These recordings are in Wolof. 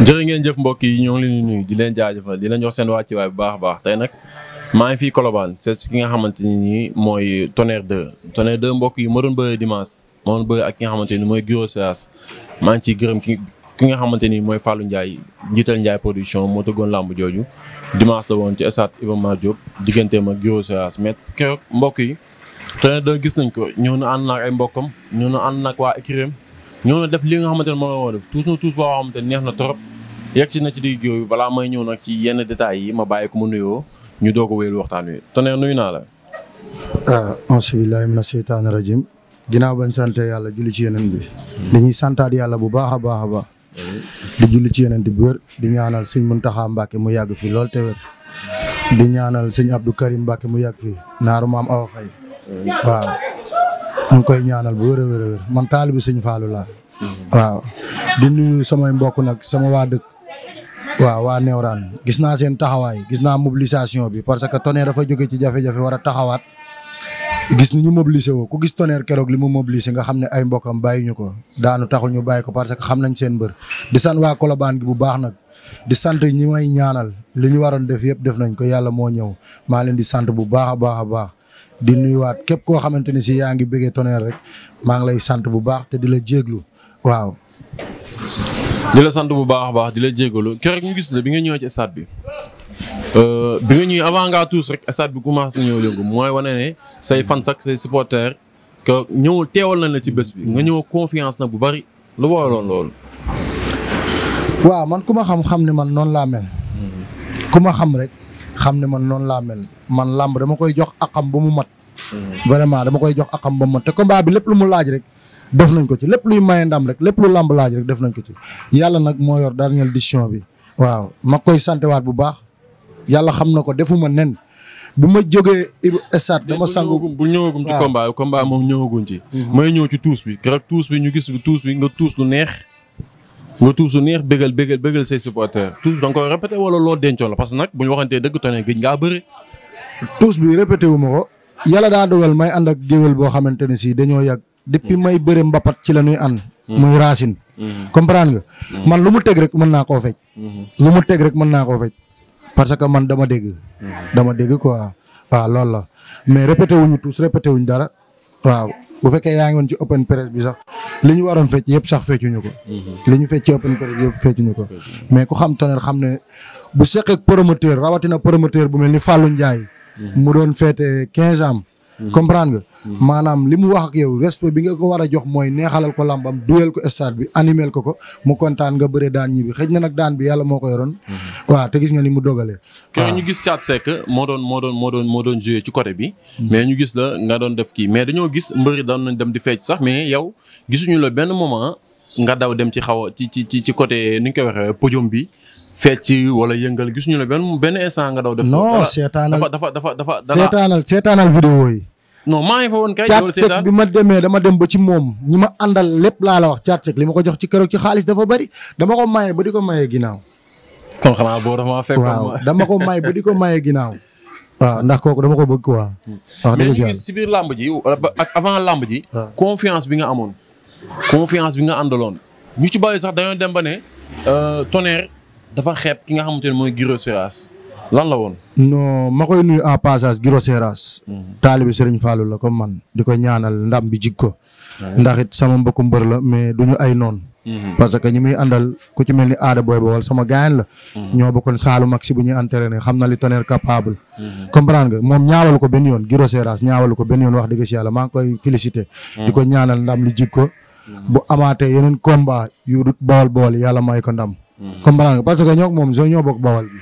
jërë ngeen jëf mbokk yi ñoo ngi leen di di leen jaajëfal di leen jox seen wàcci waay bu baax a baax tey nag maa ngi fii Colobane c'est ki nga xamante ni nii mooy Tonnerre 2 Tonnerre 2 mbokk yi ma doon bëre dimanche ma doon bëre ki nga xamante ni mooy Giro Seras maa ngi ciy gërëm ki ki nga xamante ni mooy Fallou Ndiaye njiital Ndiaye production moo tëggoon làmb jooju dimanche la woon ci stade Iba ma Diop digganteem ak Giro Seras mais keroog mbokk yi Tonnerre de gis nañ ko ñëw na ànd na ak ay mbokkam ñëw na ànd na ak waa écurie ñoo def li nga xamante ne moom la war a def tuus na neex na trop yegg si na ci digg yooyu balaa may ñëw nag ci yenn détails yi ma bàyyi ko mu nuyoo ñu doo ko wéyal waxtaan wi Tonnerre nuyu naa la. auzu ah, na mina seytaani rajiim ginnaaw bañ sant yàlla julli ci yeneen bi dañuy santaat yàlla bu baax a baax a baax. di julli ci yeneen bu wér di ñaanal mun Muntaxa Mbàkke mu yàgg fi lool te wér. di ñaanal sëñ Abdou Karim Mbàkke mu yàgg fi naaru maam Awa Faye waaw ma ngi koy bu wér a wér a wér man taalibi sëñ Fallou laa. Mm-hmm. waaw di nuyu samay mbokk nag sama waa dëkk. waaw waa Néewraan gis naa seen taxawaay gis naa mobilisation bi parce que Tonnerre dafa jóge ci jafe-jafe war a taxawaat. gis ni ñu mobiliser woo ku gis Tonnerre keroog li mu mobiliser nga xam ne ay mbokkam bàyyi ñu ko daanu taxul ñu bàyyi ko parce que xam nañ seen mbër. di sant waa Colobane gi bu baax nag di sant ñi may ñaanal li ñu waroon def yëpp def nañ ko yàlla moo ñëw maa leen di sant bu di nuyuwaat képp koo xamante ni si yaa ngi bëggee Tonnerre rek maa ngi lay sant bu baax te di la jéeglu waaw. di la sant bu baax a baax di la jégalu keroog ñu gis la bi nga ñëwee ci stade bi euh, bi nga ñëwee avant ngaa tuus bi commencé na ñëw mooy wane ne say fans ak say supporters que ñëwul teewal na la ci bés bi nga ñëw confiance nag bu bari lu waraloon loolu. waaw man ku ma xam xam ne man noonu laa mel. Hmm. ku ma xam rek xam ne man noonu laa mel man làmb dama koy jox akam ba mu mat. vraiment dama koy jox akam ba mu mat te combat bi lépp lu mu laaj rek. def nañ ko ci lépp luy maye ndam rek lépp lu làmb laaj rek def nañ ko ci yàlla nag moo yor dernière décision bi. waaw ma koy waat bu baax yàlla xam na ko defuma nen bu ma jógee stade dama sangu bu ñëwagum ci combat combat moom ñëwagum ci. mooy ñëw ci tuus bi keroog tuus bi ñu gis tuus bi nga tuus lu neex. nga tuus su neex bégal bégal bégal say supporters tuus da nga koy répété wala loo dencoon la parce que nag bu ñu waxantee dëgg Tonnerre gëj ngaa bëri. tuus bi répété wu ma ko yàlla daa dogal may ànd ak géwél boo xamante ne si dañoo yàgg. depuis may bëre mbapat ci la ñuy an muy racine. comprendre nga. man lu mu teg rek mën naa koo fecc. lu teg rek mën naa koo fecc. parce que man dama dégg. dama dégg quoi waaw loolu la mais répété wuñu tuus répété wuñ dara waaw. bu fekkee yaa ngoon ci open press bi sax li ñu waroon fecc yëpp sax feccuñu ko. Mhm. li ñu fecc ci open press yëpp feccuñu ko. mais ku xam Tonnerre xam ne bu seqeeg promoteur rawatina promoteur bu mel ni Fallou njaay mhm. mu doon feete quinze ans. Mhm. comprendre nga. Mhm. maanaam li mu wax ak yow respect bi nga ko war a jox mooy neexalal ko làmbam duyal ko stade bi animel ko ko mu kontaan nga bëre daan ñibbi xëj na nag daan bi yàlla moo ko yoroon. Mhm. waa te gis nga ni mu dogalee. waaw ñu gis Thiat Seck moo doon moo doon moo doon doon joué ci côté bi. mais ñu gis la nga doon def kii mais dañoo gis mbëri doon nañ dem di fecc sax mais yow gisuñu la benn moment nga daw dem ci xaw a ci ci ci côté ni ñu koy waxee podium bi. fecc wala yëngal gisuñu la benn benn instant nga daw. def non seetaanal dafa dafa dafa dafa. seetaanal seetaanal vidéo yi. non maa ngi fa woon kay. caat sec bi ma demee dama dem ba ci moom ñi ma àndal lépp laa la wax caat li ma ko jox ci keroog ci xaalis dafa bari dama ko maye ba di ko maye ginnaaw. kon xanaa boo dama fekk. waaw dama ko maye ba di ko maye ginnaaw. ndax kooku dama ko bëgg quoi. wax dëgg mais ci biir làmb ji ak avant làmb ji. confiance bi nga amoon. confiance bi nga àndaloon. ñu ci bàyyi sax dañoo dem ba ne. Euh, tonnerre dafa xeeb ki nga xamante ne mooy Guiro Séras lan la woon. non ma koy nuyu en passage Giro Seras. Mhm. taalibi Serigne Fallou la comme man di ko ñaanal ndam bi jig ko. Mhm. ndax it sama mbokku mbër la mais du ñu ay noon mhm. parce que ñu muy àndal ku ci mel ni aada booy bool sama gaañ la. ñoo bokkoon saalu mag si bu ñuy entraîné xam na li tonnerre capable. comprendre nga moom ñaawal ko benn yoon Giro Seras ko benn yoon wax dëgg si yàlla maa ngi koy félicité. di ko ñaanal ndam li jig ko. bu amaatee yeneen combat yu dut bawal bawal yàlla may ko ndam. comprendre nga parce que ñoo moom ñoo bokk bawal bi.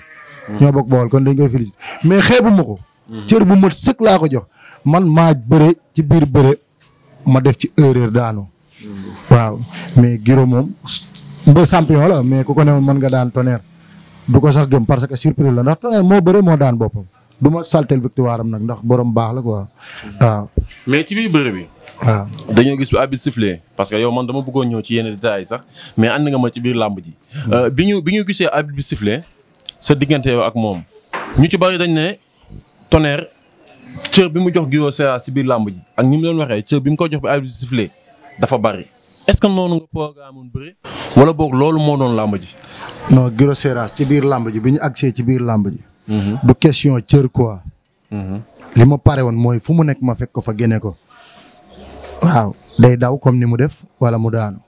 ñoo bokk Bawol kon dañ koy félicité mais xeebu ma ko. Mhm. cër bu mat sëkk laa ko jox man maa bëre ci biir bëre ma def ci erreur daanu. Mhm. waaw mais Giro moom ba champion la mais ku ko newoon mën nga daan tonnerre du ko sax gëm parce que surprise la ndax tonnerre moo bëre moo daan boppam duma ma saltel victoire am nag ndax borom baax la quoi mhm. waaw. mais ci biir bëre bi. waaw dañoo gis bu arbitre sifflé parce que yow man dama bëggoon ñëw ci yenn détails sax mais ànd nga ma ci biir làmb ji. Euh, bi ñu bi ñu gisee arbitre bi sa diggante yow ak moom ñu ci bari dañ ne Tonnerre cër bi mu jox Guiro Séras si biir làmb ji ak ni mu doon waxee cër bi mu ko jox bi ay sifflé dafa bari est-ce que noonu nga programme woon bëri wala boog loolu moo doon làmb ji. non Guiro Séras ci biir làmb ji bi ñu agsee ci biir làmb ji. Mhm. du question cër quoi. Mhm. li ma pare woon mooy fu mu nekk ma fekk ko fa génne ko. waaw day daw comme ni mu def wala mu daanu.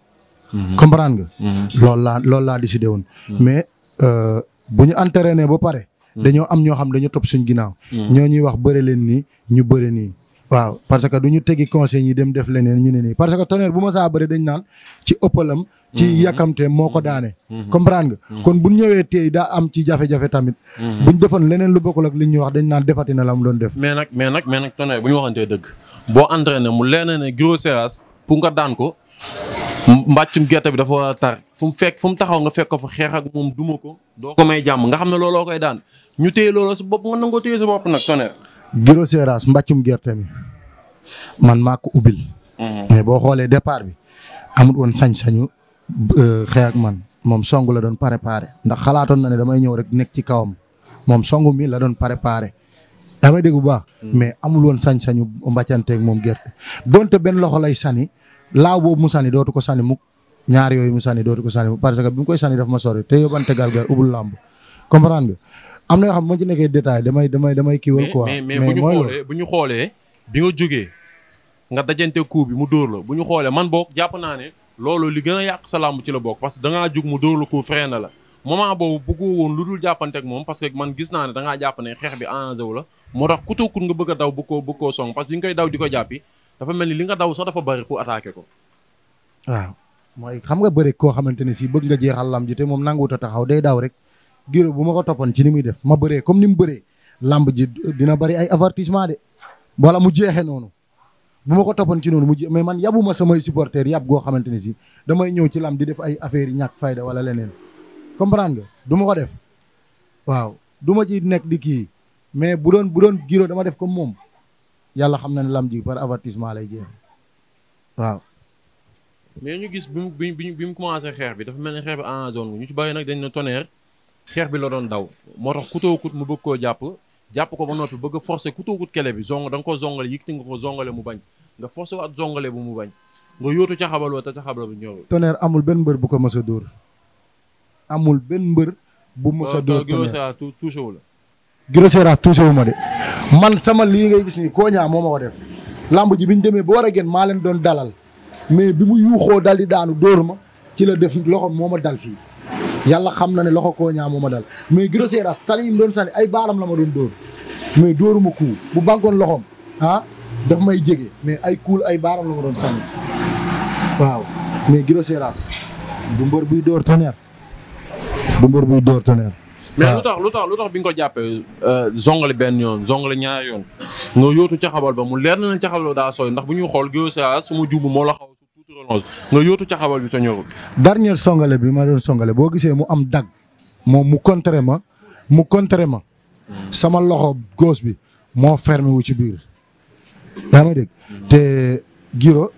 Mhm. comprendre nga. loolu laa loolu laa décidé woon mais. Euh, bu ñu entraîné ba pare. dañoo am ñoo xam dañoo topp suñ ginnaaw. Mm. ñoo ñuy wax bëre leen nii ñu bëre nii. waaw parce que du ñu tegi conseil yi dem def leneen ñu ne nii parce que tonnerre bu ma saa bëre dañ naan ci ëppalam. ci mm. yàkkamte moo ko mm. daanee mm-hmm. comprendre kon bu ñëwee tey daa am ci jafe-jafe tamit. buñ defoon leneen lu bokk ak li ñuy wax dañ naan defati na la mu doon def. mais nag mais nag mais nag tonnerre bu ñu waxantee dëgg boo entraîné mu leneen ne Giro Seras pour nga daan ko. mbàccum gerte bi dafa tar fu mu fekk fu mu taxaw nga fekk fo fa xeex ak moom duma ko doo ko may jàmm nga xam ne looloo koy daan ñu téye looloo sa bopp nga nangoo téye sa bopp nag Tonnerre. Guiro Seras mbàccum gerte mi man maa ko ubbil. Mhm. mais boo xoolee départ bi amut woon sañ-sañu euh, xeex man moom song la doon préparé ndax xalaatoon na ne damay ñëw rek nekk ci kawam moom song mi la doon préparé. damay dégg bu mm. mais amul woon sañ-sañu moom gerte donte benn loxo lay sani laaw boobu mu sànni dootu ko sànni mukk ñaar yooyu mu sànni dootu ko sànni mukk parce que bi mu koy sànni daf ma sori te yóbbante gal gar làmb comprendre nga am na yoo xam ma ci nekkee détail damay damay damay kiiwal quoi mais mais bu ñu xoolee bu dajante coup mu dóor la bu ñu xoolee man boog jàpp naa ne loolu li gën a yàq sa làmb ci la bokk parce que dangaa jug mu dóor la coup freiné la moment boobu bëggoo woon lu dul jàppante ak moom parce que man gis naa ne dangaa jàpp ne xeex bi enjeu la moo tax ku nga bëgg a daw bëgg koo bëgg koo song parce que li nga koy daw di ko jàppi dafa mel ni li nga daw sax dafa bëri pour attaquer ko. waaw mooy xam nga bëri koo xamante ne si bëgg nga jeexal lamb ji te moom nanguwut a taxaw day daw rek Giro bu ma ko toppoon ci ni muy def ma bëree comme ni mu bëree lamb ji dina bëri ay avertissement de wala mu jeexee noonu. bu ma ko toppoon ci noonu mu mais man yabuma samay supporters yab goo xamante ne si damay ñëw ci lamb di def ay affaires yi ñàkk fayda wala leneen comprendre nga du ko def waaw du ma ci nekk di kii mais bu doon bu doon Giro dama def comme moom yàlla xam na ne lam ji par avertissement lay jeex waaw. mais ñu gis bi mu bi mu commencé xeex bi dafa mel ni xeex bi en zone ñu ci bàyyi nag dañ na tonnerre xeex bi la doon daw moo tax kutoo kut mu bëgg koo jàpp jàpp ko ba noppi bëgg a kutoo kut kele bi zong da nga ko zongale yëkkati nga ko zongale mu bañ nga forcer waat zongale bu mu bañ nga yóotu ca xabal wa te ca xabal bu ñëw. tonnerre amul benn mbër bu ko mës a dóor amul benn mbër bu mës a dóor tonnerre touché la Guiro Seras ma de man sama lii ngay gis nii Konia moo ma ko def lamb ji bi ñu demee ba war a génn maa leen doon dalal mais bi mu yuuxoo dal di daanu dóor ma ci la def loxo moom a dal fii yàlla xam na ne loxo Konia moo ma dal mais Guiro Seras sali doon sànni ay baaram la ma doon dóor mais dóoruma kuu bu bànkoon loxoom ah daf may jege mais ay kuul ay baaram la ma doon sànni waaw mais Guiro Seras du mbër buy dóor tonnerre mais ah. lu tax lu tax lu tax bi nga ko jàppee euh, zongale benn yoon zongale ñaari yoon nga ca caxabal ba mu leer na caxabal ba daa sooy ndax bu ñuy xool géosas su ma juubu moo la xaw su tuuti relance nga yóotu caxabal bi sa ñorul dernier songale bi ma doon songale boo gisee mu am dag moom mu contré ma mu contré ma sama loxo gauche bi moo fermé wu ci biir yaa ngi dégg mm-hmm. te Giro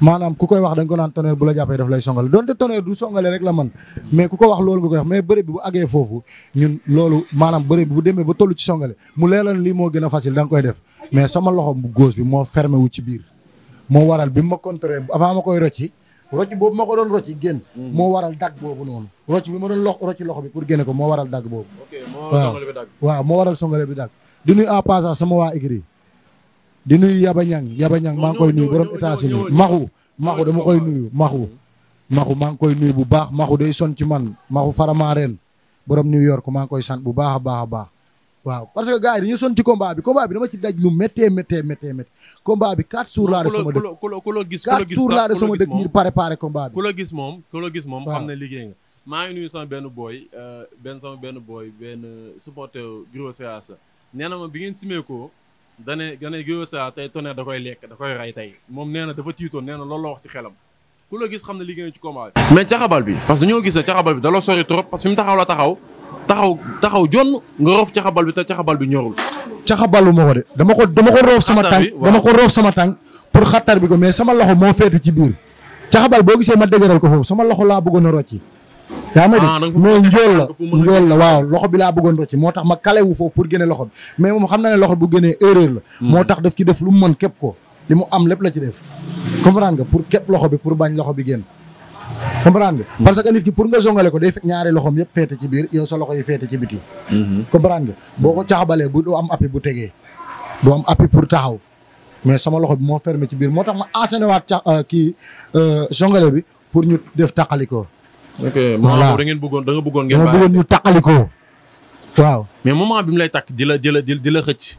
maanaam ku koy wax da ko naan Tonnerre bu la jàppee daf lay songale donte Tonnerre du songale rek la man mais ku ko wax loolu nga koy wax mais bëre bi bu agee foofu ñun loolu maanaam bëre bi bu demee ba toll ci songale mu leer lan lii moo gën a facile da koy def mais sama loxo bu góos bi moo fermé wu ci biir moo waral bi ma contré avant ma koy rocci rocc boobu ma ko doon rocc génn. Hmm. moo waral dagg boobu noonu. rocc bi ma doon lox rocc loxo bi pour génne ko moo waral dagg boobu. waaw moo waral songale bi dagg. di nuyu en passant sama waa Igri di nuyu Yaba Niang Yaba Niang maa ngi koy nuyu borom États-Unis maxu maxu dama koy nuyu maxu maa ngi koy nuyu bu baax maxu day son ci man maxu faramaareen borom New York maa ngi koy sant bu baax a baax a baax waaw parce que gars yi ñu son ci combat bi combat bi dama ci daj lu méttee méttee méttee méttee bi quatre jours laa de sama dëkk quatre jours laa de sama dëkk ngir préparer combat bi ku la gis moom ku la gis moom xam ne liggéey nga maa ngi nuyu sama benn booy benn sama benn booy benn supporter Giro Seras nee na ma bi ngeen simee ko dane dane Guiro Sera tey Tonnerre da koy lekk da koy rey tey moom nee na dafa tiitoon nee na loolu la wax ci xelam ku la gis xam ne liggéey ci combat bi mais caxabal bi parce que dañoo gis ne caxabal bi da la sori trop parce que fi mu taxaw la taxaw taxaw taxaw jonn nga roof caxabal bi te caxabal bi ñorul caxabalu ma ko de dama ko dama ko roof sama tànk dama ko roof sama tànk pour xattar bi ko mais sama loxo moo féete ci biir caxabal boo gisee ma dëgëral ko foofu sama loxo laa bëggoon a rocci yaa ma di ah, mais njool la njool la waaw loxo bi laa bëggoon rocci moo tax ma kale wu foofu pour génne loxo bi mais moom xam na ne loxo bu génnee erreur la hmm. moo tax daf ci def lu mu man képp ko li mu am lépp la ci def comprendre nga pour képp loxo bi pour bañ loxo bi génn comprendre nga hmm. parce que nit ki pour nga zongale ko day fekk ñaari loxoom yëpp féete ci biir yow sa loxo yi féete ci biti hmm. comprendre nga boo ko caxabalee bu doo am appui bu tegee doo am appui pour taxaw mais sama loxo bi moo fermé ci biir moo tax ma enseigné waat ca euh, kii euh, zongale bi pour ñu def taqalikoo ok moment da bëggoon da nga bëggoon ngeen. bàyyi bëggoon ñu taqalikoo waaw. mais moment bi mu lay takk di la di la di la xëcc.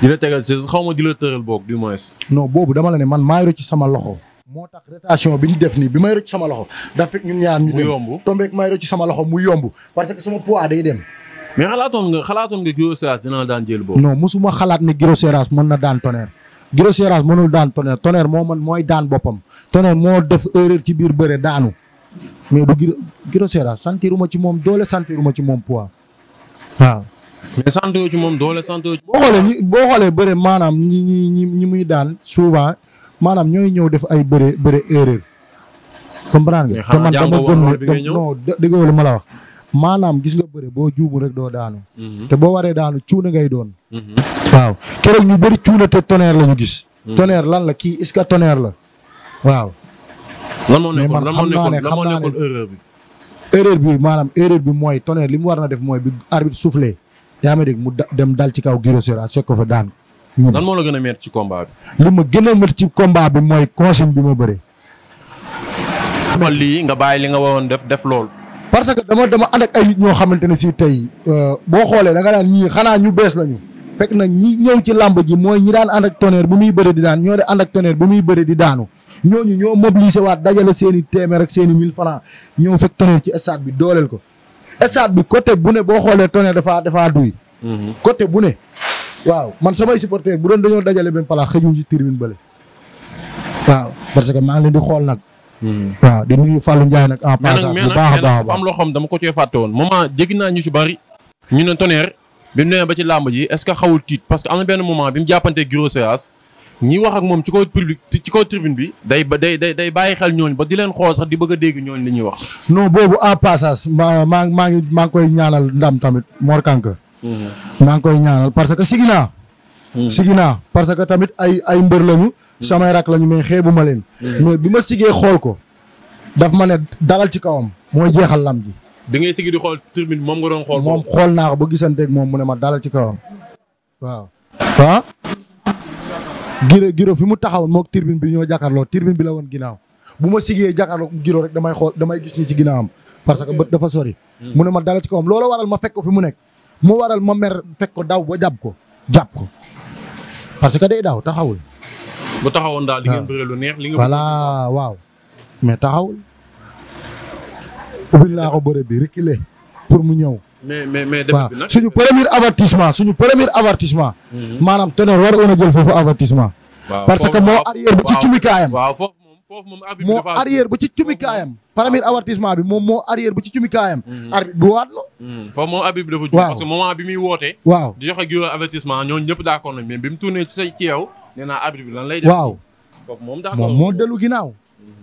di la tegal si xaw ma di la tëral boog du moins. boobu dama la ne man maa rëcc sama loxo. moo tax rotation bi ñu def nii bi may rëcc sama loxo daf ñun ñaar ñu dem mu yomb tombeek may rëcc sama loxo mu yomb parce que sama poids dem. mais xalaatoon nga xalaatoon nga Guiro Seras daan jël boobu. non mosuma xalaat ne Guiro mën na daan Tonnerre Guiro Seras mënul daan Tonnerre moo man mooy daan boppam Tonnerre moo def erreur ci biir bëre daanu. mais du Giro Giro Seras ci moom doole sentiruma ci moom poids waaw. mais sentiroo ci moom doole sentiroo ci. boo xoolee ñi boo xoolee bëre maanaam ñi ñi muy daan souvent maanaam ñooy ñëw def ay bëre bëre erreur. comprendre nga te man dama gëm ne non dëgg la ma la wax. maanaam gis nga bëre boo juubu rek doo daanu. Mhm. te boo waree daanu cuuna ngay doon. Mhm. waaw keroog ñu bëri cuuna te tonnerre la ñu gis. Mhm. tonnerre lan la kii est-ce que tonnerre la waaw. lan moo nekkoon lan moo ne lan moo nekkoon erreur bi. erreur bi maanaam erreur bi mooy Tonnerre li mu war na def mooy bi arbitre soufflé yaa ngi dégg dem dal ci kaw Guiro Séras ah, fekk ko fa daan. lan moo la gën a métti ci combat bi. ma gën a métti ci combat bi mooy consigne bi ma bëre. dafa lii nga bàyyi li nga waroon def def lool parce que dama dama ànd ak ay nit ñoo xamante ne si tey euh, boo xoolee da nga naan ñii xanaa ñu bees lañu. fekk na ñi ñëw ci làmb ji mooy ñi daan ànd ak tonnerre bu muy bëree di daan ñoo de ànd ak tonnerre bu muy di daanu ñooñu ñoo mobilisé waat dajale seen i téeméer ak seen i mille francs ñëw fekk tonnerre ci stade bi dooleel ko stade bi côté bu ne boo xoolee tonnerre dafaa dafaa duy mhm. côté bu waaw man samay supporter bu doon dañoo dajale benn place xëjuñ ci tribune bële waaw parce que maa ngi leen di xool nag mhm. waaw di nuyu Fallou Ndiaye nag en passant bu baax a baax am loo xam dama ko cee fàtte woon moom moment dégg naa ñu si bari ñu ne tonnerre bi mu nee ba ci làmb ji est-ce que xawul tiit parce que am na benn moment bi mu jàppante Giro wax ak moom ci kaw public ci kaw tribune bi. day day day day bàyyi xel ñooñu ba di leen xool sax di bëgg a dégg ñooñu li ñuy wax. non boobu en maa maa maa ngi maa ngi koy ñaanal ndam tamit Mor Kanka. Mm-hmm. maa ngi koy ñaanal parce que siginaa. Mm-hmm. siginaa parce que tamit ay ay mbër lañu. Mm-hmm. samay rak lañu mais xeebu ma leen. mais bi ma sigee xool ko. daf ma ne dalal ci kawam. mooy jeexal lam ji. bi ngay sigi di xool turbine moom nga doon xool. moom xool naa ko ba gisanteeg moom mu ne ma dalal ci kawam. waaw. ah. giro giro fi mu taxaw moog turbine bi ñoo jàkkaarloo turbine bi la woon ginnaaw bu ma sigee jàkkaarloo giro rek damay xool damay gis ni ci ginnaawam. parce que bët dafa sori. Hmm. mu ne ma dalal ci kawam loolu waral ma fekk ko fi mu nekk. mu waral ma mer fekk ko daw ba jàpp ko jàpp ko parce que day daaw taxawul. mu taxawoon daal di ngeen ah. bëre lu neex. li nga voilà waaw mais taxawul. ubbil naa ko bëre bi reculer pour mu ñëw. mais mais mais waaw suñu premier avertissement suñu premier avertissement. Mhm. maanaam Tonnerre war woon a jël foofu avertissement. parce que moo arrière ba ci cumikaayam. waaw foofu ba ci cumikaayam. premier avertissement bi moom moo arrière ba ci cumikaayam. Mhm. arbitre bi waat na. Mhm. foofu moom arbitre bi dafa juum. parce que moment bi muy wootee. waaw di joxe gi avertissement ñooñu ñëpp d'accord nañ mais bi mu tourné ci sa ci yow nee naa arbitre bi lan lay def. waaw moom moo dellu ginnaaw.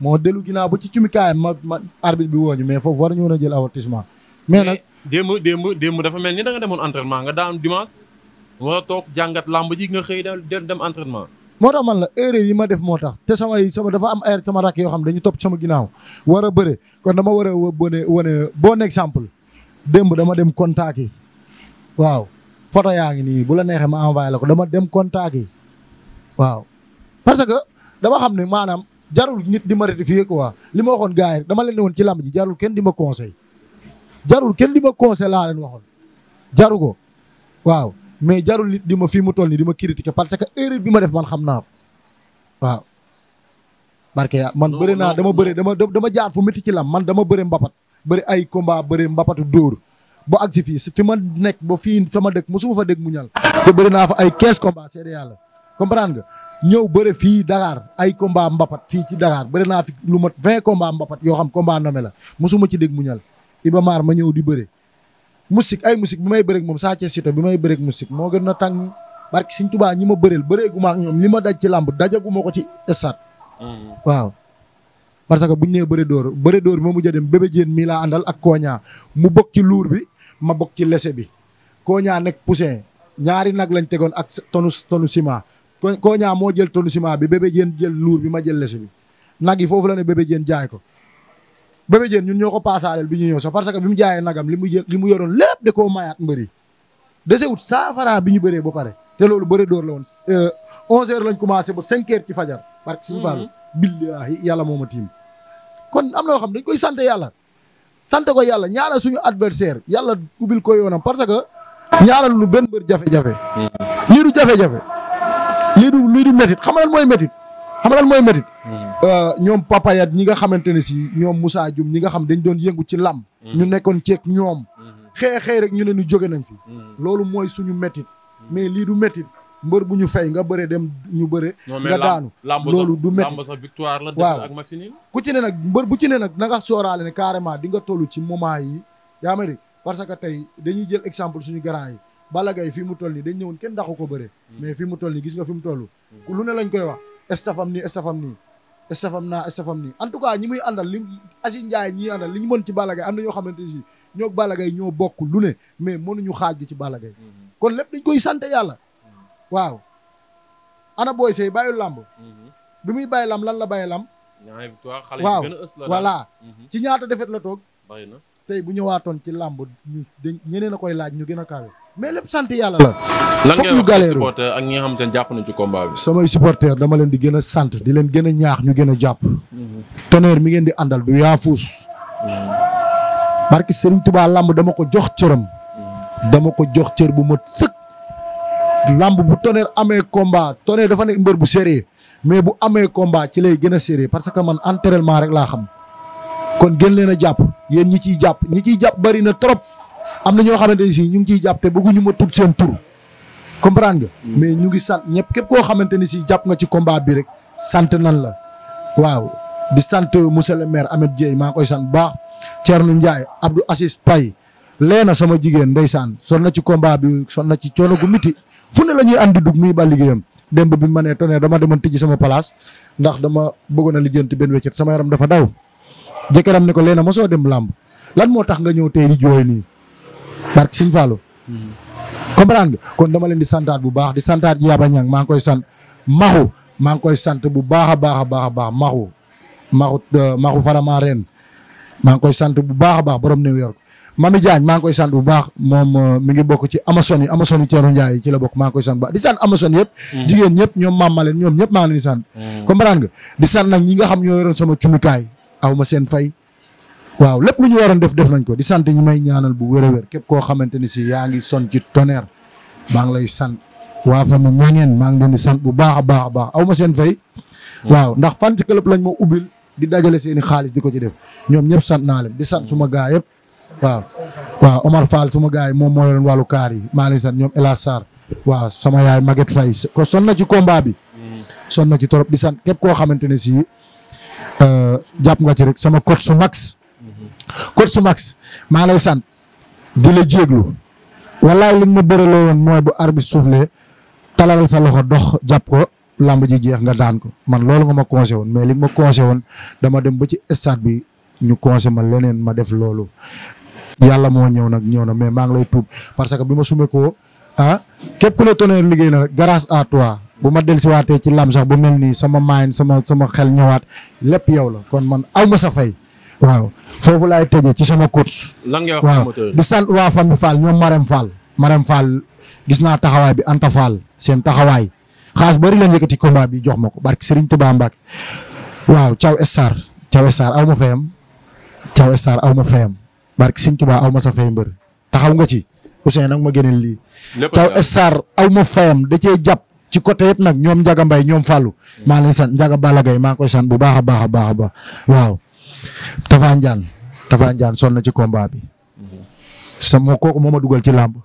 moo dellu ginnaaw ba ci cumikaayam ma ma arbitre bi wooñu mais foofu war ñu woon a jël avertissement mais nag démb démb démb dafa mel ni da nga demoon entraînement nga daan dimanche a toog jàngat làmb ji nga xëy dem dem entraînement moo tax man la erreur yi ma def moo tax te samay sama dafa am ay sama rakk yoo xam dañu topp sama ginnaaw war a bëre kon dama war a wane wane bon exemple démb dama dem contact yi waaw yaa ngi nii bu la neexee ma envoyé ko dama dem contact yi waaw parce que dama xam ne maanaam jarul nit di ma rectifier waa li ma waxoon gars yi dama leen woon ci làmb ji jarul kenn di ma conseil jarul kenn di ma conseil laa leen waxoon jaru ko waaw mais jarul nit di ma fii mu toll nii di ma critiquer parce que erreur bi ma def man xam naa ko waaw. barke yaa man bëri naa dama bëri dama dama jaar fu metti ci làmb man dama bëri mbapat bëri ay combat bëri mbapatu dóor ba agsi fii fi ma nekk ba fii sama dëkk mosuma fa dégg mu ñal te bëri naa fa ay 15 combat seede yàlla. comprendre nga ñëw bëre fii Dakar ay combat mbapat fii ci Dakar bëri naa fi lu mat vingt combat mbapat yoo xam combat nommé la mosuma ci dégg mu ñal Iba Mar ma ñëw di bëre musique ay musique bi may bëreeg moom Sa Thiès Siteu bi may bëreeg musique moo gën a tàng barki Sëñ tubaa ñi ma bëreel bëreeguma ak ñoom li ma daj ci làmb dajaguma ko ci stade mm-hmm. parce que buñ nee bëre dóor bëre dóor bi ma mujj a dem bébé mii laa àndal ak kooñaa mu bokk ci luur bi ma bokk ci lese bi kooñaa nekk poussin ñaari nag lañ tegoon ak tonu tonu koo ñaa moo jël tonu ciment bi bébé jeen jël luur bi ma jël lese bi nag yi foofu la ne bébé jeen jaay ko bébé jeen ñun ñoo ko paasaaleel bi ñu ñëw sax parce que bi mu jaayee nagam li mu li mu yoroon lépp da koo mayaat mbëri desewut saafara bi ñu bëree ba pare te loolu bëri door la woon euh, onze heures lañ commencé ba cinq heures ci fajar parce que suñu fàllu mhm. billaahi yàlla moo ma tiim kon am na yoo xam dañ koy sant yàlla sante ko yàlla ñaanal suñu adversaire yàlla ubbil ko yoonam parce que ñaanal lu benn mbër jafe-jafe mhm. jafe-jafe lii du lii du métit xam mooy métit xam mooy métit hmm. euh, ñoom papa ñi nga xamante ne si ñoom Moussa Dioum ñi nga xam dañ doon yëngu ci làmb hmm. ñu nekkoon ceeg ñoom hmm. xëy xëy rek ñu ne ñu jóge nañ si loolu mooy suñu métit mais lii du métit mbër bu ñu fay nga bëre dem ñu bëre nga daanu loolu du métti sa victoire la waaw ak machine ku ci ne nag mbër bu ci ne nag na nga ne carrément di nga toll ci moment yi yaa ma parce que tey dañuy jël exemple suñu garan yi balagay Gaye fii mu toll nii dañ ñëwoon kenn daxu ko bëre mm. mais fii mu toll nii gis nga fi mu toll mm. ku lu ne lañ koy wax estafam nii estafam nii estafam naa estafam nii en tout cas ñi muy àndal li Aziz Ndiaye ñi àndal li ñu mën ci Balla am na ñoo xamante si ñoo Balla Gaye ñoo bokk lu ne mais mënuñu xaaj ci Balla Gaye mm-hmm. kon lépp dañ koy sante yàlla mm-hmm. waaw ana booy sey bàyyul làmb mm-hmm. bi muy bàyyi lam lan la bàyyi lam waaw voilà ci ñaata defet la toog tey bu ñëwaatoon ci làmb ñu ñeneen a koy laaj ñu gën a kawe mais lépp sant yàlla la. lan ngay ak ñi nga xamante ne jàpp nañ ci combat bi. samay supporter dama leen di gën a sant di leen gën a ñaax ñu gën a jàpp. Tonnerre mi ngeen di àndal du yaafuus. que Serigne tubaa làmb dama ko jox cëram. dama ko jox cër bu ma sëkk. làmb bu Tonnerre amee combat Tonnerre dafa nekk mbër bu sérieux mais bu amee combat ci lay gën a sérieux parce que man entraînement rek laa xam. kon gën leen a jàpp yéen ñi ciy jàpp ñi ciy jàpp bari na trop. am na ñoo xamante ni si ñu ngi ciy jàpp te bëgguñu ma tudd seen tur comprend nga. Mm. mais ñu ngi sant ñëpp képp koo xamante ne si jàpp nga ci kombaa bi rek sant nan la waaw di sant monsieur le maire Ahmed Dieye maa ngi koy sant bu Ndiaye Abdou Assis Paye leena sama jigéen ndeysaan son na ci combat bi son na ci coono gu miti fu ne la ñuy andi dugg muy ba liggéeyam démb bi ma nee tonné dama demoon tijji sama place ndax dama bëggoona a benn wéccet sama yaram dafa daw jëkkëram ne ko leena soo dem làmb lan moo tax nga ñëw tey di jooy nii barke Sëñ Fallou comprendre nga kon dama leen di santaat bu baax di santaat Yaba Niang maa ngi koy sant maxu maa ngi koy sant bu baax a baax a baax a baax maxu maxu euh, maxu vraiment ren maa ngi koy sant bu baax a baax borom New York Mami Diagne maa ngi koy sant bu baax moom euh, mi ngi bokk ci Amazon yi Amazon yi Thierno ci la bokk maa ngi koy sant bu baax di sant Amazon yëpp. Mm. jigéen ñëpp ñoom maam ma leen ñoom ñëpp maa ngi leen di mm. nga di sant nag ñi nga xam ñoo yoroon sama cumukaay aw ma seen fay. waaw lépp lu ñu waroon def def nañ ko di sant ñi may ñaanal bu wér a wér képp koo xamante ni si yaa ngi son ci tonnerre maa ngi lay sant waa fami ñangeen maa ngi leen di sant bu baax a baax a baax aw ma seen fay mm. waaw ndax fan ci lañ ma ubbil di dajale seeni xaalis di ko ci def ñoom ñëpp sant naa leen di sant suma gaa yëpp waaw waaw Omar Fall suma gaa yi moom moo wàllu kaar yi maa leen sant ñoom El Hadj Sarr sama yaay Maguette Faye ko son na ci kombaa bi mm. son na ci torop di sant képp koo xamante ne si euh, jàpp nga ci rek sama coach su max coach su Max maa lay sant di la jéeglu wallaay li nga ma bëraloo woon mooy bu arbitre soufflé talalal sa loxo dox jàpp ko lamb ji jeex nga daan ko man loolu nga ma conseillé woon mais li nga ma conseillé woon dama dem ba ci stade bi ñu conse ma leneen ma def loolu yàlla moo ñëw nag ñëw na mais maa ngi lay tuub parce que bi ma sumee ko ah képp ku la Tonnerre liggéey na rek grâce à toi bu ma dellusiwaatee ci lam sax bu mel nii sama maayin sama sama xel ñëwaat lépp yow la kon man aw sa fay waaw foofu laay tëjee ci sama course. lan di sant waa Fami Fall ñoom Marème Fall Marème Fall gis naa taxawaay bi Anta Fall seen taxawaay xaas bari la yëkkati combat bi jox ma ko barki Serigne tubaa Mbacke waaw Thiaw Star Thiaw Star aw ma fayam Thiaw Star aw ma fayam barki Serigne Touba aw ma sa fay mbër taxaw nga ci Ousseyn nag ma génneel lii. Thiaw Star aw ma da cee jàpp. ci côté yëpp nag ñoom Ndiaga Mbaye ñoom Fallou mm. maa ngi lay sant Ndiaga Balla Gaye maa koy sant bu baax a baax a baax a baax waaw. Tafa Ndiane Tafa Ndiane sonn na ci combat bi. sama kooku moom a dugal ci làmb.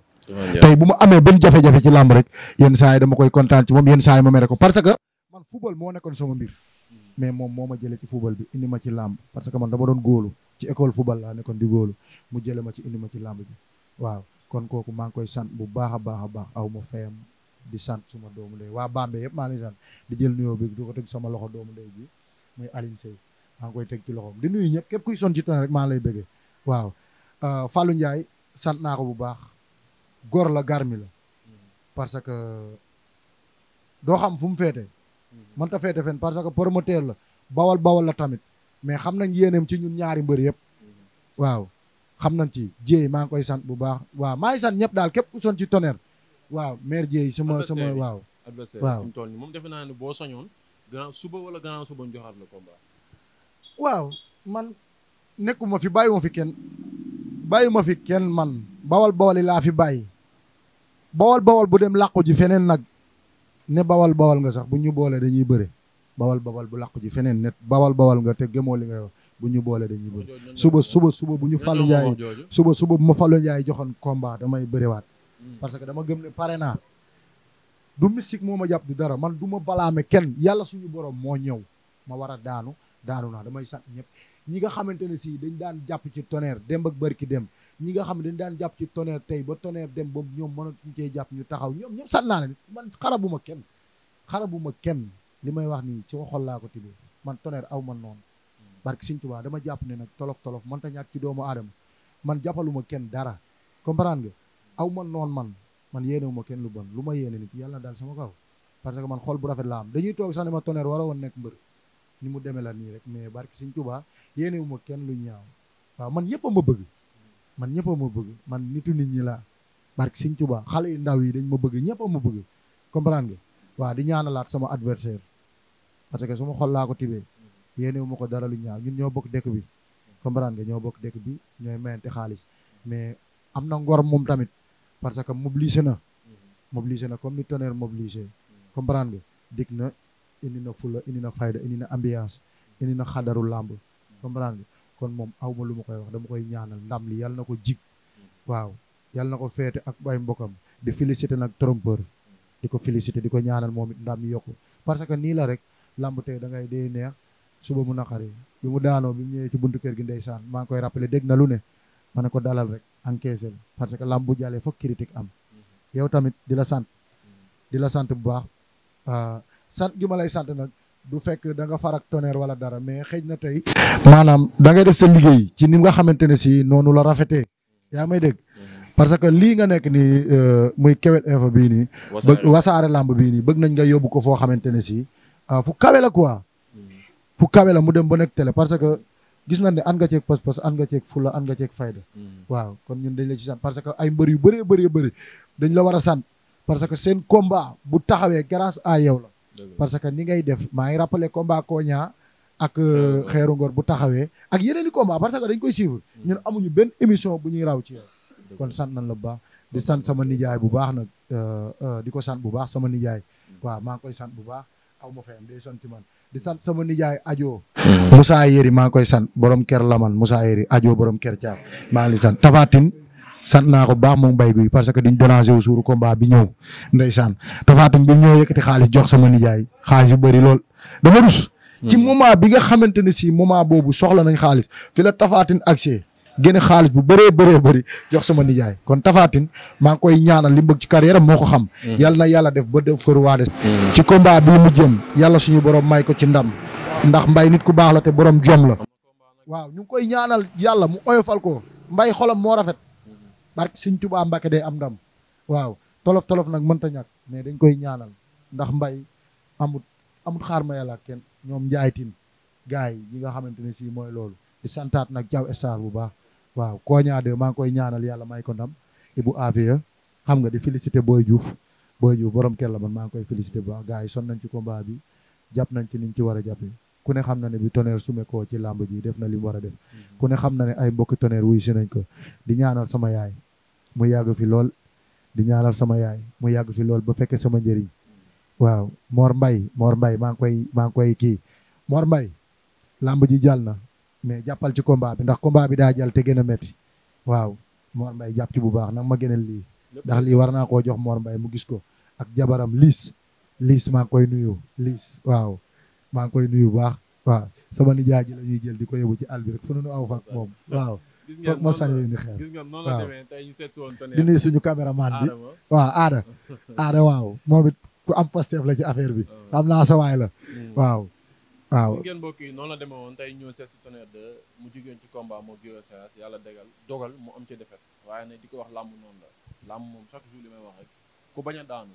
tey bu ma amee benn jafe-jafe ci làmb rek yenn saa dama koy kontaan moom yenn saa yi ma mere ko parce que. man football moo nekkoon sama mbir. mais moom moo ma jëlee ci football bi indi ma ci làmb parce que man dama doon góolu ci école football laa nekkoon di góolu mu jëlee ma ci indi ma ci làmb bi waaw kon kooku maa ngi koy sant bu baax a baax a baax aw ma fayam di sant suma doomu ndey waa Bambey yëpp maa ngi lay di jël nuyoo bi di ko teg sama loxo doomu ndey bi muy maa ngi koy teg ci loxoom di nuyu ñëpp képp kuy son ci tan maa lay bëggee waaw euh, falu Ndiaye sant naa ko bu baax góor la garmi la parce que doo xam fu mu feete mën ta feete fen parce que promoteur la bawal bawal la tamit mais xam nañ yéeneem ci ñun ñaari mbër yëpp waaw xam nañ ci jéey maa ngi koy sant bu baax waaw maa ngi sant ñëpp daal képp ku son ci tonnerre waaw maire jéey sama sama waaw adversaire waaw moom defe naa ne boo soñoon gannaaw suba wala gannaaw suba ñu joxaat la combat waaw man nekkuma fi bàyyiwuma fi kenn bàyyiwuma fi kenn man bawal bawal laa fi bàyyi bawal bawal bu dem làqu ji feneen nag ne bawal bawal nga sax bu ñu boole dañuy bëre bawal bawal bu làqu ji feneen ne bawal bawal nga te gëmoo li nga wax bu ñu boole dañuy bëri suba suba suba bu ñu Fallou Ndiaye suba suba bu ma Fallou Ndiaye joxoon combat damay bëriwaat hmm. parce que dama gëm ne pare naa du mystique moo ma jàpp du dara man du ma balaame kenn yàlla suñu boroom moo ñëw ma war a daanu daanu naa damay sant ñëpp ñi nga xamante ne si dañ daan jàpp ci tonnerre dem ak barki dem ñi nga xam ne dañ daan jàpp ci tonnerre tey ba tonnerre dem ba ñoom mënatuñ cee jàpp ñu taxaw ñoom ñëpp sa naa leen man xarabuma kenn xarabuma kenn li may wax nii ci xol laa ko tibbee man tonnerre aw man noonu barki Sëñ Tuubaa dama jàpp ne nag tolof tolof mënta ñàkk ci doomu aadama man jàppaluma kenn dara comprendre nga aw man noonu man man yéenewuma kenn lu bon lu ma yéene nit yàlla na daal sama kaw parce que man xol bu rafet laa am dañuy toog sax ne ma tonnerre wara woon nekk mbër ni mu demee la nii rek mais barki Sëñ Tuubaa yéene wu ma kenn lu ñaaw waaw man ñëpp ma bëgg man ñëpp a ma bëgg man nitu nit ñi la barki Sëñ Tuubaa xale yu ndaw yi dañ ma bëgg ñëpp ma bëgg comprendre nga waaw di ñaanalaat sama adversaire parce que suma xol laa ko tibee yéene wu ko dara lu ñaaw ñun ñoo bokk dëkk bi comprendre nga ñoo bokk dëkk bi ñooy mayante xaalis mais am na ngor moom tamit parce que mobilisé na mobilisé na comme ni tonnerre mobilisé comprendre nga na indi na fula indi na fayda indi na ambiance indi na xadaru làmb comprendre kon moom aw ma lu ma koy wax dama koy ñaanal ndam li yàlla na ko jig waaw yàlla na ko feete ak ay mbokam di féliciter nag trompeur di ko féliciter di ko ñaanal moom it ndam yokku parce que nii la rek làmb te da ngay dee neex suba mu naqari bi mu daanoo bi mu ñëwee ci buntu kër gi ndeysaan maa ngi koy rappeler dégg na lu ne ma ne ko dalal rek encaissé parce que làmb bu jàllee foog critique am mm-hmm. yow tamit di la sant di sant bu baax ah, sant gi ma lay sant nag du fekk da nga farak tonnerre wala dara mais xëj na tey maanaam da ngay def sa liggéey ci ni nga xamante ne si noonu la rafetee yaa may dégg parce que lii nga nekk nii euh, muy Kewel Info bii nii bëgg wasaare làmb bii nii bëgg nañ nga yóbbu ko foo xamante ne si euh, fu kawe la quoi fu kawe la mu dem ba nekk télé parce que gis nañ ne an nga ceeg pas-pas an nga ceeg fula an nga ceeg fayda mm. waaw kon ñun dañ la ci sant parce que ay mbër yu bëree bëree bëri dañ la war a sant parce que seen combat bu taxawee grâce à yow la parce que ni ngay def maa ngi rappelé combat Koña ak euh, xeeru ngor bu taxawee ak yeneen i combat parce que dañ koy suivre mm. ñun amuñu benn émission bu ñuy raw ci yow kon sant nañ la bu baax di sant sama nijaay bu baax nag euh, euh, di ko sant bu baax sama nijaay mm. waaw maa ngi koy sant bu baax aw ma fayam day sant man di sant sama nijaay ajo mm. Moussa Yeri maa ngi koy sant borom ker laman musa Yeri ajo borom ker caaf maa ngi sant Tafatine sant naa ko baax moom Mbaye Guèye parce que duñ déranger wu suuru combat bi ñëw ndeysaan Tapha bi ñëw yëkkati xaalis jox sama nijaay xaalis yu bëri lool dama rus. ci hmm. bi nga xamante ne si moment boobu soxla nañ xaalis fi la Tapha Tine accès génne xaalis bu baree baree bari jox sama nijaay kon Tapha maa ngi koy ñaanal li mu bëgg ci carrière moo ko xam. Hmm. yàlla na yàlla def ba def ko roi des. Hmm. ci combat bii mu jëm yàlla suñu borom may ko ci ndam ndax mbay nit ku baax la te borom jom la. waaw ñu koy ñaanal yàlla mu oyofal ko mbay xolam moo rafet barke siñ Tuubaa Mbàkke day am ndam waaw tolof tolof nag mënta ñàkk mais dañ koy ñaanal ndax mbay amut amut xaar ma yàlla kenn ñoom njaaytin gaay yi nga xamante ne sii mooy loolu di santaat nag jaw star bu baax waaw koña de maa ngi koy ñaanal yàlla may ko ndam ibu avia xam nga di félicité booy Diouf Boy Diouf borom kel la man maa ngi koy félicité bu baax gars yi son nañ ci combat bi jàpp nañ ci niñ ci war a jàppee ku ne xam na ne bi tonnerre sume koo ci làmb ji def na li mu a def ku ne xam na ne ay mbokki tonnerre wuy si nañ ko di ñaanal sama yaay mu yàgg fi lool di ñaanal sama yaay mu yàgg fi lool ba fekkee sama njëriñ waaw moor mbay Mor Mbaye maa ngi koy maa ngi koy kii moor mbay làmb ji jàll na mais jàppal ci combat bi ndax combat bi daa jàll te gën a metti waaw Mor mbay jàpp ci bu baax nag ma gënal lii ndax lii war naa koo jox Mor mbay mu gis ko ak jabaram liis liis maa ngi koy nuyu maa ngi koy nuyu baax waa sama nijaay ji la ñuy jël di ko yóbbu ci àll bi rek fu nu nu aw fa ak moom waaw foog ma sànni xeer waaw suñu caméraman bi waaw aada waaw moom it ku am pastef la ci affaire bi ah. am naa sa la hmm. waaw waaw ngeen yi noonu la tey ñëw seet mu jigéen ci combat yàlla dégal dogal mu am ci defet waaye ne di ko wax làmb noonu la làmb moom chaque ku bañ a daanu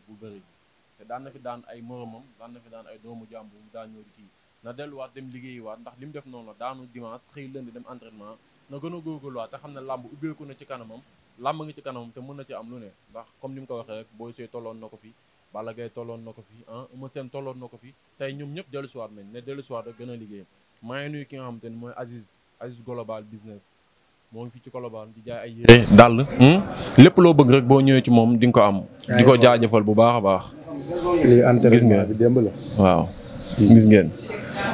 te daan na fi daan ay moromam daan na fi daan ay doomu jàmbur mu daan ñëw di kii na delluwaat dem liggéeyiwaat ndax li mu def noonu la daanu dimanche xëy lënd dem entraînement na gën a góorgóorluwaat te xam ne làmb ubbeeku na ci kanamam làmb nga ci kanamam te mën na ci am lu ne ndax comme ni mu ko waxee rek Boy Seye tolloon na ko fi Balla Gaye tolloon na ko fi ah Eumeu Sène tolloon na ko fi tey ñoom ñëpp dellusiwaat nañ ne dellusiwaat rek gën a liggéey maa ngi nuyu ki nga xamante ni mooy Aziz Aziz Global Business moo ngi fi ci Colobane di eh, hmm? lépp loo bëgg rek boo ñëwee ci moom di ko am. di ko jaajëfal bu baax a baax. lii entraînement bi démb la waaw. gis ngeen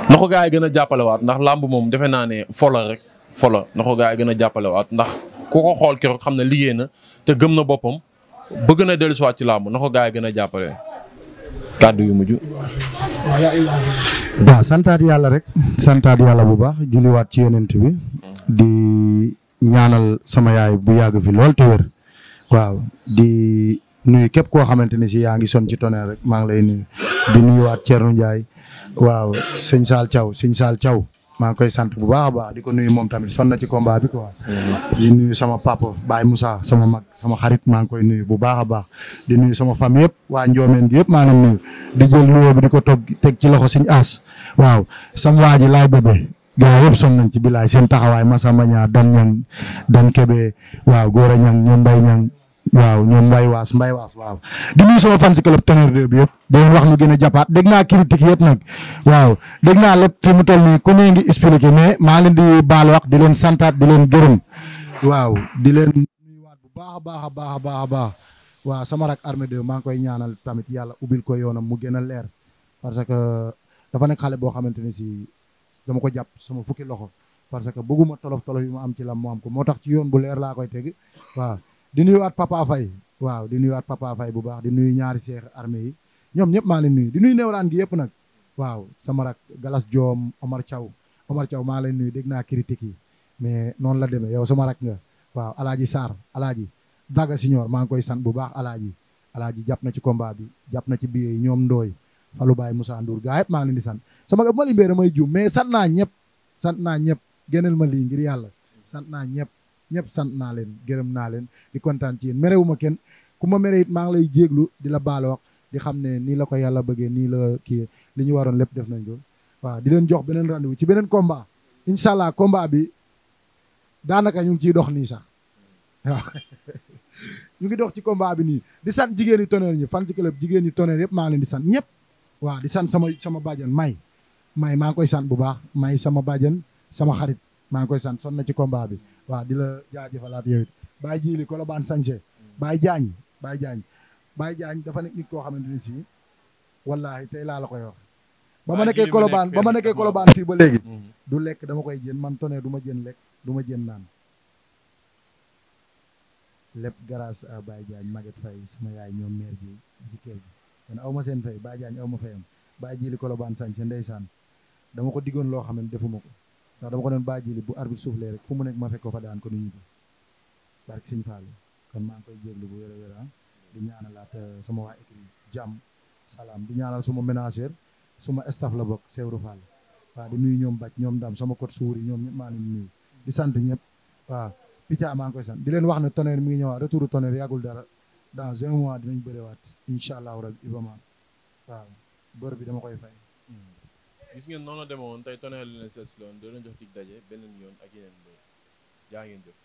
na ko gaa yi gën a jàppalewaat ndax làmb moom defe naa ne fola rek fola na ko a jàppalewaat ndax ku ko xool keroog xam ne liggéey na te gëm na boppam bëgg na dellusiwaat ci làmb na ko gaa yi gën a jàppale. kàddu yu mujj. waaw santaat yàlla rek. santaat yàlla bu baax julliwaat ci yenent bi di ñaanal sama yaay bu yàgg fi lool te wér waaw di nuyu képp koo xamante ne si yaa ngi son ci Tonnerre rek maa ngi lay nuyu di nuyuwaat Thierno Ndiaye waaw sëñ Saal Thiaw sëñ Saal Thiaw maa ngi koy sant bu baax a baax di ko nuyu moom tamit son na ci combat bi quoi. di nuyu sama papa Baye Moussa sama mag sama xarit maa ngi koy nuyu bu baax a baax di nuyu sama fam yëpp waa Ndiomène bi yëpp maa ngi nuyu di jël nuyoo bi di ko toog teg ci loxo sëñ As waaw sama waa ji laay bébé gaa yëpp nañ ci bilaay seen taxawaay Masamba ñaa Dan Ñang Dan Kebe waaw Gora Ñang ñoom Mbay Ñang waaw ñoom Mbay Waas Mbay Waas waaw di nuyu sama fan si club Tonnerre bi yëpp di leen wax ñu gën a jàppaat dégg naa critique yëpp nag waaw dégg naa lépp fi mu toll nii ku ne ngi expliqué maa leen di baal wax di leen santaat di leen gërëm waaw di leen waat bu baax a baax a baax a baax a baax waaw sama rak armée maa ngi koy ñaanal tamit yàlla ubbil ko yoonam mu gën a leer parce que dafa nekk xale boo xamante ne si dama ko jàpp sama fukki loxo parce que bëgguma tolof tolof yi ma am ci lam mo am ko moo tax ci yoon bu leer laa koy teg waaw di nuyuwaat papa Faye waaw di nuyuwaat papa bu baax di nuyu ñaari seex armée yi ñoom ñëpp maa leen nuy di nuyu newraan gi yëpp nag waaw sama rak Galas Joom Omar caw Omar caw maa leen nuy dégg naa critique yi mais noonu la demee yow sama rak nga waaw alaaji Sarr alaaji Daga Signor maa ngi koy sant bu baax alaaji alaaji jàpp na ci combat bi jàpp na ci billet ñoom ndooy Fallou Baye Moussa Ndour gaa yëpp maa ngi leen di sant sama bu ma limbee damay juum mais sant naa ñëpp sant naa ñëpp génneel ma lii ngir yàlla sant naa ñëpp ñëpp sant naa leen gërëm naa leen di kontaan ci yéen merewuma kenn ku ma mere it maa ngi lay jéeglu di la baal di xam ne nii la ko yàlla bëggee nii la kii li ñu waroon lépp def nañ ko waaw di leen jox beneen rendez ci beneen combat incha allah combat bi daanaka ñu ngi ciy dox nii sax waaw ñu ngi dox ci combat bi nii di sant jigéen ñi Tonnerre ñi fan si ñi Tonnerre yëpp maa ngi leen sant ñëpp waaw di san sama sama bàjjan may may maa ngi koy sant bu baax may sama bàjjan sama xarit maa ngi koy sant son na ci combat bi waaw di la jaajëfalaat yow it Baye Djili Colobane Sañse Baye Diagne Baye Diagne Baye Diagne dafa nekk nit koo xamante ne si wallaahi tey laa la koy wax ba ma nekkee Colobane ba ma nekkee Colobane fii ba léegi mhm. du lekk dama koy jën man tonné du ma jën lekk duma ma jën naan lépp grâce à Baye Diagne Maguette sama yaay ñoom maire ji jikkeel bi man aw ma seen fay baa Diagne aw ma fayam Baye Jili Kolobaan sañ sa ndeysaan dama ko diggoon loo xam ne defuma ko ndax dama ko doon Baye Jili bu arbitre suuf lee rek fu mu nekk ma fekk fa daan ko nuyu ko barke maa ngi koy jéglu bu wér a wér ah. di ñaanalaat euh, sama waa écrit jàmm salaam di ñaanal suma ménagère suma staff la bokk Sewru Fall waaw di nuyu ñoom baj ñoom dam sama kot suuri ñoom ñëpp maa ngi nuyu di sant ñëpp waaw picca maa ngi koy sant di leen wax ne tonnerre mi ngi ñëwaat retour tonnerre yàggul dara dans un mois dinañ bëriwaat incha allahu rabi Ibama waaw bor bi dama koy fay. Hmm. gis ngeen noonu la demewoon tey Tonnerre li leen si loon doo leen jox dig daje beneen yoon ak yeneen mbir yaa ngeen jëf.